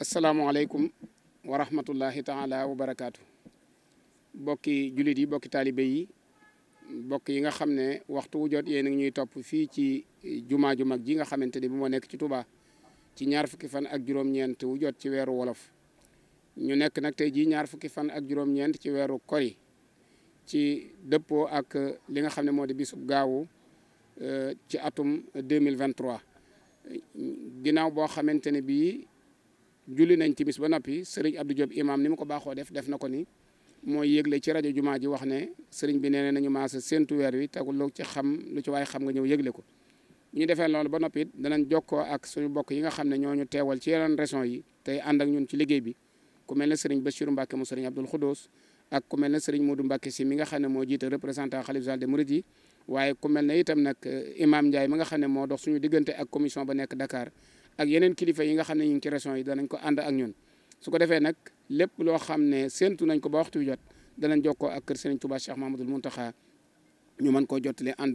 asalaamualeykum wa rahmatullahi taala wa barakaatu bokki jullit yi bokki taalibe yi bokk yi nga xam ne waxtu wu jot yéen a ñuy topp fii ci jumaa ju mag ji nga xamante ni bi moo nekk ci Touba ci ñaar fukki fan ak juróom-ñeent wu ci weeru wolof ñu nekk nag tey jii ñaar fukki fan ak juróom-ñeent ci weeru kori ci dëppoo ak li nga xam ne moo di bisub gaawu euh, ci atum 2023 ginnaaw boo xamante ne bii julli nañ timis ba noppi sëriñ Abdou Diop imam ni mu ko baaxoo def def na ko ni mooy yëgle ci rajo jumaa ji wax ne sëriñ bi neenee nañu maasa séntu weer wi te lu ci xam lu ci waaye xam nga ñëw yëgle ko ñu defee loolu ba noppi danañ jokkoo ak suñu bokk yi nga xam ne ñooñu teewal ci yeneen régions yi tey ànd ak ñun ci liggéey bi ku mel ne sëriñ Bassirou Mbacke mu sëriñ Abdoul Khoudous ak ku mel ne sëriñ Modou Mbacke si mi nga xam ne moo jiite représentant xalif général des mourides yi waaye ku mel ne itam nag imam Ndiaye mi nga xam ne moo dox suñu diggante ak commission ba nekk Dakar ak yeneen kilifa yi nga xam ne ñu ngi ci région yi danañ ko ànd ak ñun su ko defee nag lépp loo xam ne séentu nañ ko ba waxtu wi jot danañ jokkoo ak kër Serigne Touba Cheikh Mahmadul Muntaxa ñu mën koo jottale en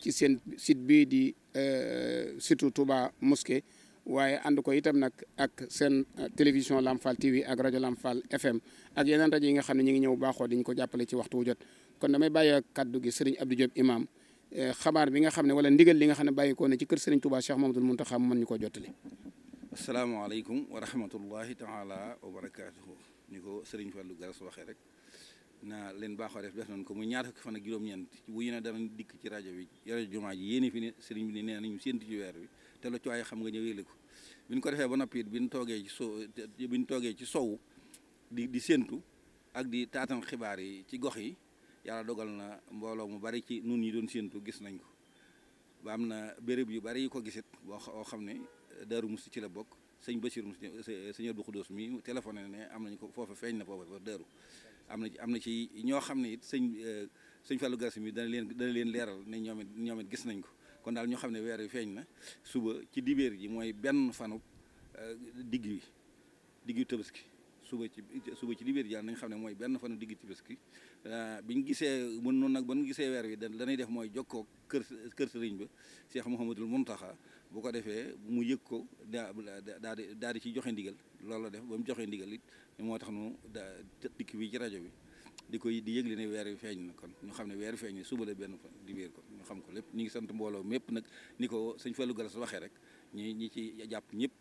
ci seen site bii di euh, surtout Touba Mosquée waaye ànd ko itam nag ak seen euh, télévision Lamfal TV ak rajo Lamfal FM ak yeneen rajo yi nga xam ne ñu ngi ñëw baaxoo diñ ko jàppale ci waxtu wu jot kon damay bàyyi ak kaddu gi Serigne Abdou Diop imam xabaar bi nga xam ne wala ndigal li nga xam ne bàyyikoo na ci kër Serigne Touba Cheikh Mamadou Mountakha mu mën ñu koo jottali asalaamaaleykum wa rahmatullahi taala wa barakaatuhu ni ko sëriñ Serigne Fallou Garas waxee rek na leen baaxoo def def nañ ko mu ñaar fukki fan ak juróom-ñeent bu yéen a dikk ci rajo bi rajo jumaa ji yéen fi ne sëriñ bi ne nee nañu séntu ci weer bi te la cuwaay xam nga ñëwee ko bi ñu ko defee ba noppi bi ñu toogee ci so bi ñu toogee ci sow di di séntu ak di xibaar yi ci gox yi yàlla dogal na mbooloo mu bari ci nun yi doon séentu gis nañ ko ba am na béréb yu bari yu ko gisit boo xam ne eh, Daaru mus ci la bokk sëñ Bachir Musti eh, eh, sëñ Abdou Khoudous mi téléphoné ne am nañ ko foofu feeñ na foofa Daaru am na ci am na ci ñoo xam ne it sëñ sëñ Fallou Gass mi dana leen dana leen leeral ne ñoom it gis nañ ko kon daal ñoo xam ne weer wi feeñ na suba ci dibéer ji mooy benn fanu digg wi diggu Tabaski suba ci suba ci dibéer jaan nañ xam ne mooy benn fanu digg euh, bi ñu gisee mën noonu nag nu gisee weer wi da lanay def mooy jokkoo kër kër sëriñ ba Cheikh Mouhamadul taxa bu ko defee mu yëg ko daa daa di daa di ci joxe ndigal loolu la def ba mu joxe ndigal it moo tax nu da dikk bi ci rajo bi di koy di yëgle ne weer wi feeñ na kon ñu xam ne weer wi feeñ na suba la benn fan dibéer kon ñu xam ko lépp ñu ngi sant mbooloo mépp nag ni ko sëñ Fallou Gallas waxee rek ñi ñi ci jàpp ñëpp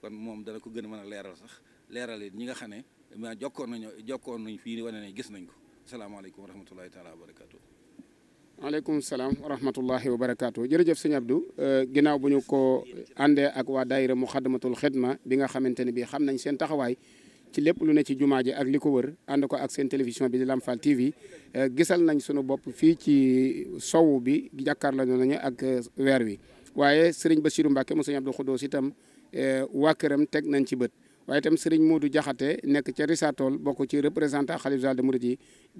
kon moom dana ko gën a mën a leeral sax leeral ñi nga xam ne ma jokkoon nañu jokkoon nañ fii wane ne gis nañ ko salaamaaleykum wa rahmatullahi taala wa barakaatu maaleykum salaam wa rahmatullahi wa barakaatu jërëjëf sëñ Abdou euh, ginnaaw bu ñu ko àndee ak waa daayira muxaddamatul xidma bi nga xamante ne bii xam nañ seen taxawaay ci lépp lu ne ci jumaa ji ak li ko wër ànd ko ak seen télévision bi di Lamfal TV euh, gisal nañ sunu bopp fii ci sow bi jàkkaarloo nañu ak euh, weer wi waaye sëriñ Bassirou Mbacke mu sëñ Abdou Khoudous itam waa këram teg nañ ci bët waaye itam Serigne Modou Diakhaté nekk ca Risatol bokk ci représentant xalif général des mourides yi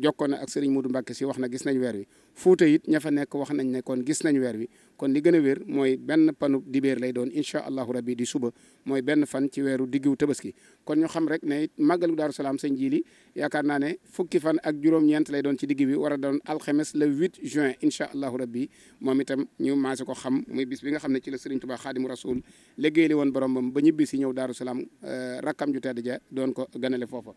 jokkoon na ak Serigne Modou Mbacké si wax na gis nañ weer wi Fuuta it ña fa nekk wax nañ ne kon gis nañ weer wi kon li gën a wér mooy benn panu dibéer lay doon incha allahu rabbi di suba mooy benn fan ci weeru diggu tabaski kon ñu xam rek ne màggalu Daaru Salaam sëñ ji yaakaar naa ne fukki fan ak juróom-ñeent lay doon ci digg bi war doon alxemes le 8 juin incha allahu rabbi moom itam ñu maase ko xam muy bis bi nga xam ne ci la Sëriñ Tuubaa Xaadimu Rasuul liggéey li woon boromam ba ñibbi si ñëw Daaru Salaam eh, rakkam ju tedd ja doon ko ganale foofa